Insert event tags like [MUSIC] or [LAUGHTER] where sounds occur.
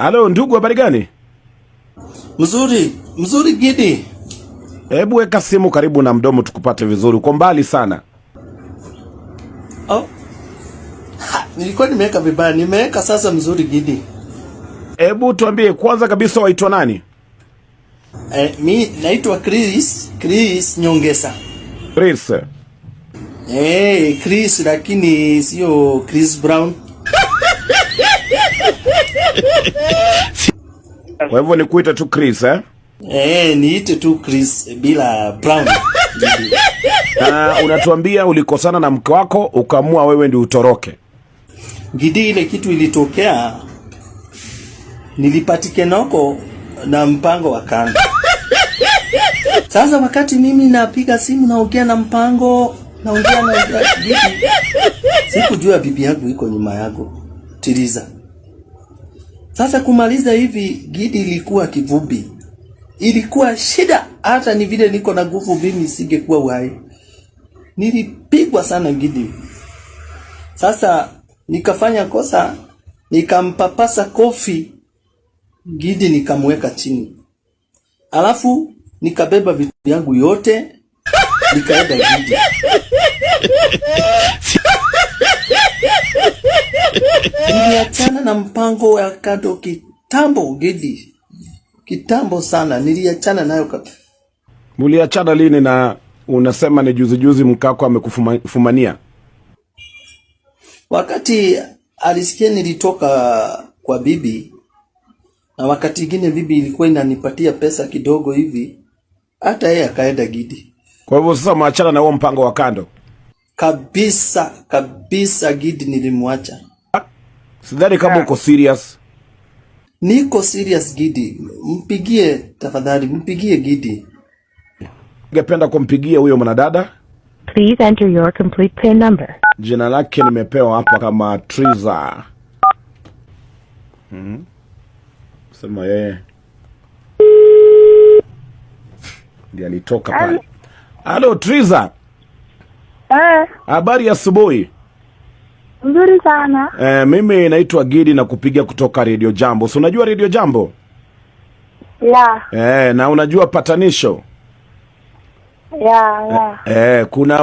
Halo ndugu, habari gani? Mzuri mzuri Gidi. Hebu weka simu karibu na mdomo tukupate vizuri, uko mbali sana. Oh. Ha, nilikuwa nimeweka vibaya, nimeweka sasa. Mzuri Gidi, hebu tuambie kwanza kabisa waitwa nani? Eh, mi naitwa Chris, Chris Nyongesa. Chris. Eh, Chris lakini sio Chris Brown. [LAUGHS] Kwa hivyo kuita tu Chris eh? Eh, niite tu Chris eh, bila Brown. [LAUGHS] Na unatuambia ulikosana na mke wako ukaamua wewe ndio utoroke. Gidi, ile kitu ilitokea nilipatikenoko na mpango wa kando. Sasa wakati mimi napiga simu naongea na mpango naongea na, na, na, na, sikujua bibi yangu iko nyuma yako Tiriza. Sasa kumaliza hivi Gidi ilikuwa kivumbi, ilikuwa shida. Hata ni vile niko na nguvu mimi singekuwa uhai. Nilipigwa sana Gidi. Sasa nikafanya kosa, nikampapasa kofi Gidi, nikamweka chini, alafu nikabeba vitu vyangu yote nikaenda Gidi. [LAUGHS] na mpango wa kando kitambo gidi kitambo sana, niliachana nayo kabisa. Muliachana lini? Na unasema ni juzi juzi mkako amekufumania? Wakati alisikia nilitoka kwa bibi, na wakati ingine bibi ilikuwa inanipatia pesa kidogo hivi, hata yeye akaenda gidi. Kwa hivyo sasa mwachana na huo mpango wa kando kabisa kabisa, gidi nilimwacha Sidhani kama uko serious. Niko serious Gidi. Mpigie tafadhali, mpigie Gidi. Ningependa kumpigia huyo mwanadada. Please enter your complete pin number. Jina lake nimepewa hapa kama Triza. Mhm. Sema yeye. Ndiye alitoka pale. Halo Triza. Eh. Habari asubuhi mzuri sana. Eh, mimi naitwa Gidi na kupiga kutoka Radio Jambo. Si unajua Radio Jambo? Yeah. Eh, na unajua patanisho? Ya, ya. Eh, eh kuna